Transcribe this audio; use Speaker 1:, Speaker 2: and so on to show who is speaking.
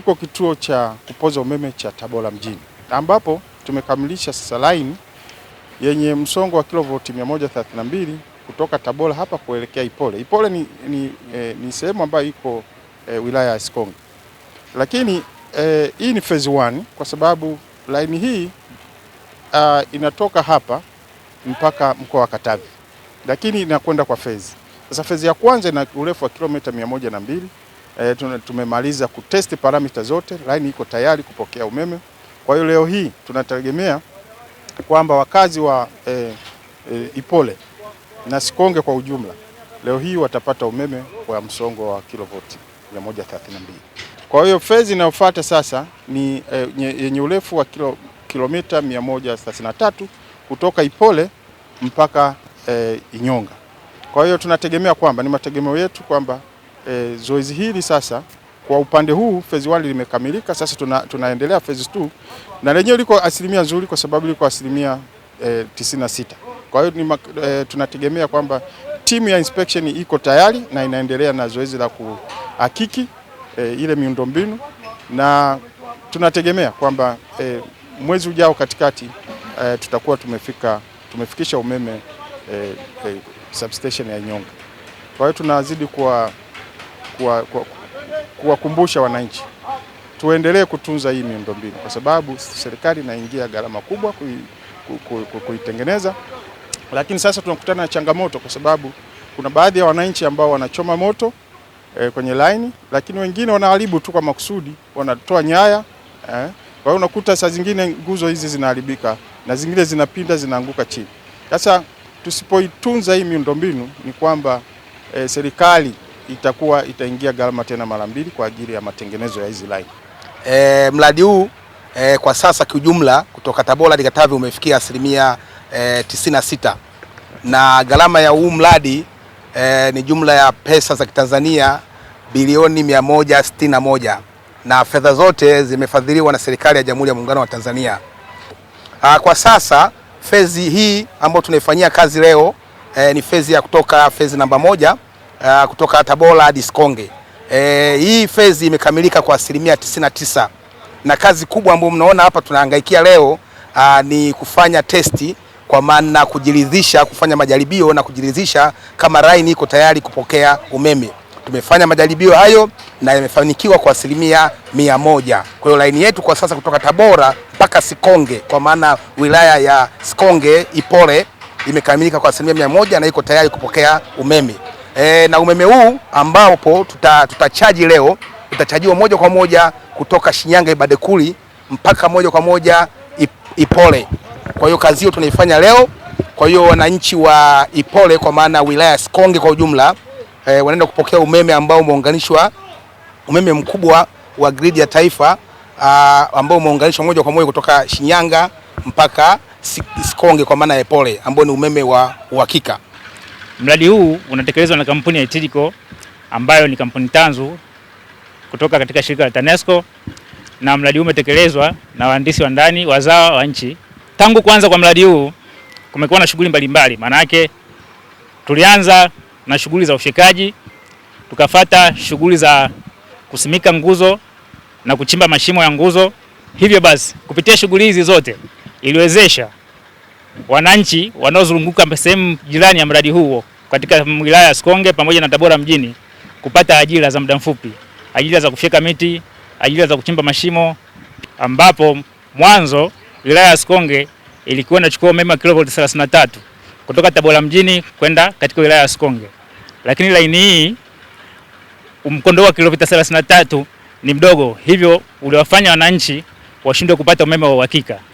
Speaker 1: tuko kituo cha kupoza umeme cha Tabora mjini ambapo tumekamilisha sasa line yenye msongo wa kilovoti 132 kutoka Tabora hapa kuelekea Ipole. Ipole ni, ni, eh, ni sehemu ambayo iko eh, wilaya ya Sikonge, lakini eh, hii ni phase 1 kwa sababu line hii uh, inatoka hapa mpaka mkoa wa Katavi, lakini inakwenda kwa phase. Sasa phase ya kwanza ina urefu wa kilomita 102 E, tumemaliza kutesti paramita zote, line iko tayari kupokea umeme. Kwa hiyo leo hii tunategemea kwamba wakazi wa e, e, Ipole na Sikonge kwa ujumla leo hii watapata umeme wa msongo wa kilovoti 132. Kwa hiyo fezi inayofuata sasa ni yenye urefu wa kilo, kilomita 133 kutoka Ipole mpaka e, Inyonga. Kwa hiyo tunategemea kwamba ni mategemeo yetu kwamba e, zoezi hili sasa kwa upande huu phase 1 limekamilika, sasa tuna, tunaendelea phase 2 na lenyewe liko asilimia nzuri kwa sababu liko asilimia e, eh, 96. Kwa hiyo e, tunategemea kwamba timu ya inspection iko tayari na inaendelea na zoezi la kuhakiki e, ile miundombinu na tunategemea kwamba e, mwezi ujao katikati e, tutakuwa tumefika tumefikisha umeme e, e, substation ya nyonga Kwa hiyo tunazidi kuwa kuwakumbusha wananchi tuendelee kutunza hii miundombinu kwa sababu serikali inaingia gharama kubwa kuitengeneza, lakini sasa tunakutana na changamoto kwa sababu kuna baadhi ya wananchi ambao wanachoma moto eh, kwenye laini, lakini wengine wanaharibu tu kwa makusudi, wanatoa nyaya eh. Kwa hiyo unakuta saa zingine nguzo hizi zinaharibika na zingine zinapinda zinaanguka chini. Sasa tusipoitunza hii miundombinu ni kwamba eh, serikali itakuwa itaingia gharama tena mara mbili kwa ajili ya matengenezo ya hizi line. E, mradi huu e, kwa sasa kiujumla kutoka Tabora hadi Katavi umefikia asilimia e, 96 na gharama ya huu mradi e, ni jumla ya pesa za Kitanzania bilioni 161 na fedha zote zimefadhiliwa na serikali ya Jamhuri ya Muungano wa Tanzania. A, kwa sasa fezi hii ambayo tunaifanyia kazi leo e, ni fezi ya kutoka fezi namba moja uh, kutoka Tabora hadi Sikonge. Eh, hii fezi imekamilika kwa asilimia 99 na kazi kubwa ambayo mnaona hapa tunahangaikia leo uh, ni kufanya testi kwa maana kujiridhisha, kufanya majaribio na kujiridhisha kama Line iko tayari kupokea umeme. Tumefanya majaribio hayo na yamefanikiwa kwa asilimia mia moja. Kwa hiyo Line yetu kwa sasa kutoka Tabora mpaka Sikonge kwa maana wilaya ya Sikonge Ipole imekamilika kwa asilimia mia moja na iko tayari kupokea umeme e, na umeme huu ambapo tutachaji tuta leo utachajiwa moja kwa moja kutoka Shinyanga Ibadekuli mpaka moja kwa moja Ipole. Kwa hiyo kazi hiyo tunaifanya leo. Kwa hiyo wananchi wa Ipole kwa maana wilaya ya Sikonge kwa ujumla e, wanaenda kupokea umeme ambao umeunganishwa, umeme mkubwa wa gridi ya taifa a, ambao umeunganishwa moja kwa moja kutoka Shinyanga mpaka Sikonge kwa maana ya Ipole ambao ni umeme wa uhakika.
Speaker 2: Mradi huu unatekelezwa na kampuni ya Itirico ambayo ni kampuni tanzu kutoka katika shirika la TANESCO na mradi huu umetekelezwa na wahandisi wa ndani wazawa wa nchi. Tangu kuanza kwa mradi huu kumekuwa na shughuli mbalimbali, maana yake tulianza na shughuli za ufyekaji, tukafata shughuli za kusimika nguzo na kuchimba mashimo ya nguzo. Hivyo basi kupitia shughuli hizi zote iliwezesha wananchi wanaozunguka sehemu jirani ya mradi huo katika wilaya ya Sikonge pamoja na Tabora mjini kupata ajira za muda mfupi, ajira za kufyeka miti, ajira za kuchimba mashimo, ambapo mwanzo wilaya ya Sikonge ilikuwa inachukua umeme wa kilovolti 33 kutoka Tabora mjini kwenda katika wilaya ya Sikonge, lakini laini hii mkondo wa kilomita 33 ni mdogo, hivyo uliwafanya wananchi washindwe kupata umeme wa uhakika.